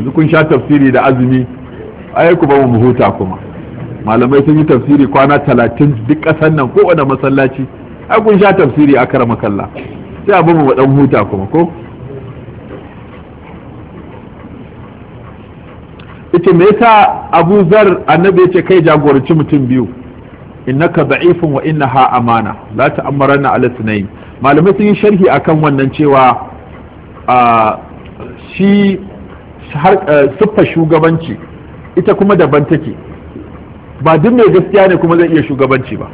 yanzu kun sha tafsiri da azumi ai ku ba mu huta kuma malamai sun yi tafsiri kwana talatin duk ƙasar nan kowane masallaci ai kun sha tafsiri a kara makalla sai a mu dan huta kuma ko ita me yasa Abu Zar annabi yace kai jagoranci mutum biyu innaka da'ifun wa innaha amana la ta'amaranna ala sunayn malamai sun yi sharhi akan wannan cewa shi Eh, siffar shugabanci ita kuma daban take ba duk mai gaskiya ne kuma zai iya shugabanci ba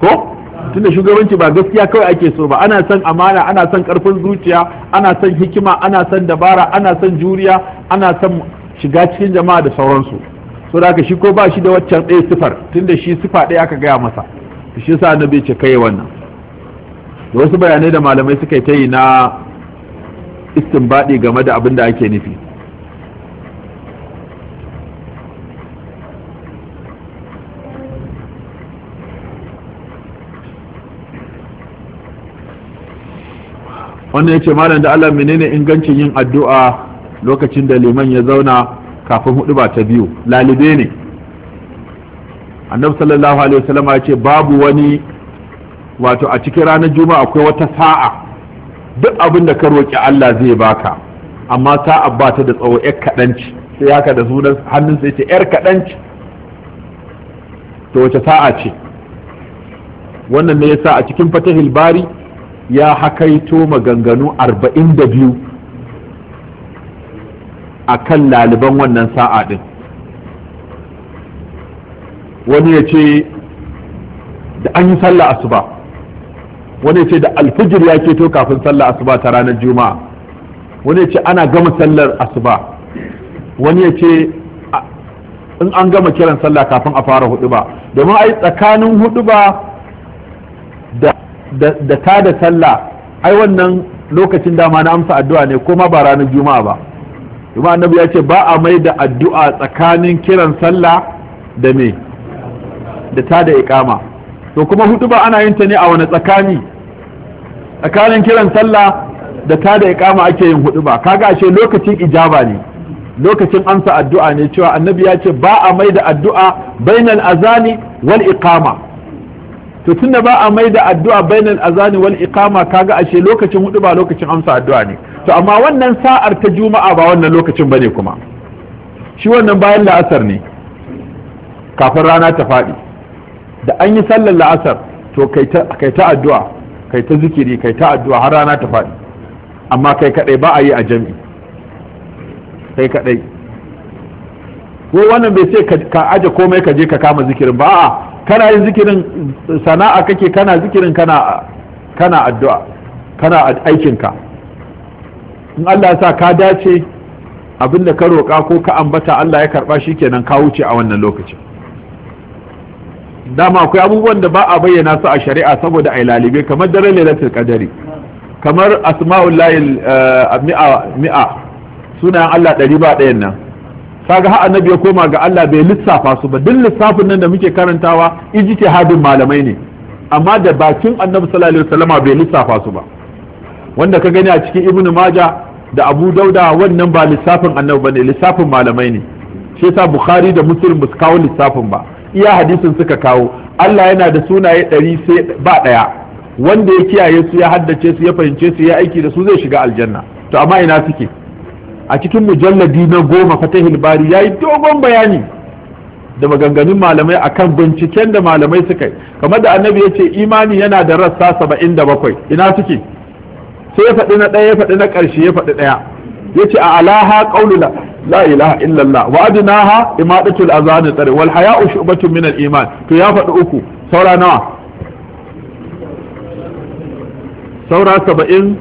ko tunda shugabanci ba gaskiya kawai ake so ba ana son amana ana son karfin zuciya ana son hikima ana son dabara ana son juriya ana son shiga cikin jama'a da sauransu so da haka shi ko ba shi da waccan ɗaya sifar tunda shi sifa ɗaya aka gaya masa shi na bai ce kai wannan da wasu bayanai da malamai suka yi ta yi na istinbadi game da abin da ake nufi wannan ya ce malam da Allah menene ingancin yin addu'a lokacin da liman ya zauna kafin hudu ba ta biyu lalibe ne annabi sallallahu alaihi wasallam ya babu wani wato a cikin ranar juma'a akwai wata sa'a duk abin da ka roƙi Allah zai baka amma ta abbata da tsawo yar kaɗanci sai haka da sunan hannun sai ce yar kaɗanci to wace sa'a ce wannan ne yasa a cikin fatahil bari ya hakaito maganganu arba'in da biyu a kan laliban wannan sa'a ɗin wani ya ce da an yi sallah asuba wani ce da alfijir ya keto kafin sallar asuba ta ranar juma'a wani ce ana gama sallar asuba wani ya ce in an gama kiran sallah kafin a fara ba, domin ai tsakanin hudu ba da ta da sallah ai wannan lokacin dama na amsa addu'a ne kuma ba ranar juma'a ba kuma annabi ya ce ba a mai da addu'a tsakanin kiran sallah da me da ta da ikama to kuma hudu ba ana yin ta ne a wani tsakani tsakanin kiran sallah da ta da ikama ake yin hudu ba kaga ashe lokacin ijaba ne lokacin amsa addu'a ne cewa annabi ya ce ba a mai da addu'a bainal azani wal iqama to tunda ba a mai da addu'a bainal azani wal iqama kaga ashe lokacin hudu ba lokacin amsa addu'a ne to amma wannan sa'ar ta juma'a ba wannan lokacin bane kuma shi wannan bayan la'asar ne kafin rana ta faɗi da an yi sallar la'asar to kai ta addu'a kai ta zikiri kai ta addu'a har rana ta faɗi amma kai kadai ba a yi a jami'i kai kadai ko wannan bai ce ka aje komai ka je ka kama zikirin ba a kana yin zikirin sana'a kake kana zikirin kana kana addu'a kana aikinka in Allah ya sa ka dace abinda ka roƙa ko ka ambata Allah ya karɓa shikenan ka wuce a wannan lokacin dama akwai abubuwan da ba a bayyana su a shari'a saboda a lalibe kamar dare lailatul qadari kamar asma'ul layil eh, mi'a mi'a sunayen Allah ɗari ba ɗayan nan kaga har annabi ya koma ga Allah bai lissafa su ba duk lissafin nan da muke karantawa hadin malamai ne amma da bakin annabi sallallahu alaihi wasallama bai lissafa su ba wanda ka gani a cikin ibnu maja da abu dauda wannan ba lissafin annabi bane lissafin malamai ne shi yasa bukhari da muslim ba su kawo lissafin ba iya hadisin suka kawo Allah yana da sunaye ɗari sai ba ɗaya wanda ya kiyaye su ya haddace su ya fahimce su ya aiki da su zai shiga aljanna to amma ina suke a cikin mujalladi na goma fatahil bari yayi dogon bayani da maganganun malamai akan binciken da malamai suka yi kamar da annabi ya ce imani yana da rassa saba'in da bakwai ina suke sai ya faɗi na ɗaya ya faɗi na ƙarshe ya faɗi ɗaya ya ce a alaha ƙaunula. la ilaha illallah wa adnaha imadatul azan tsare wal haya'u shubatun min al iman to ya faɗi uku saura nawa saura saba'in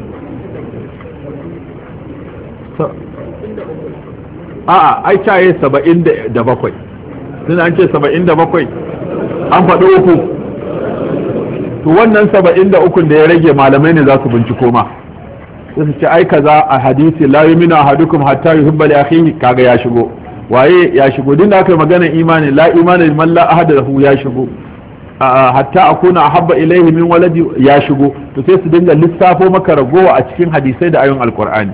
a'a ai caye saba'in da bakwai sun an ce saba'in da bakwai an faɗi uku wannan saba'in da ukun da ya rage malamai ne za su binciko ma sai su ce ai kaza a hadisi la yuminu ahadukum hatta yuhibba li akhihi kaga ya shigo waye ya shigo din da aka magana imani la imani liman la ahada lahu ya shigo hatta akuna ahabba ilayhi min waladi ya shigo to sai su dinga lissafo maka ragowa a cikin hadisai da ayoyin alqur'ani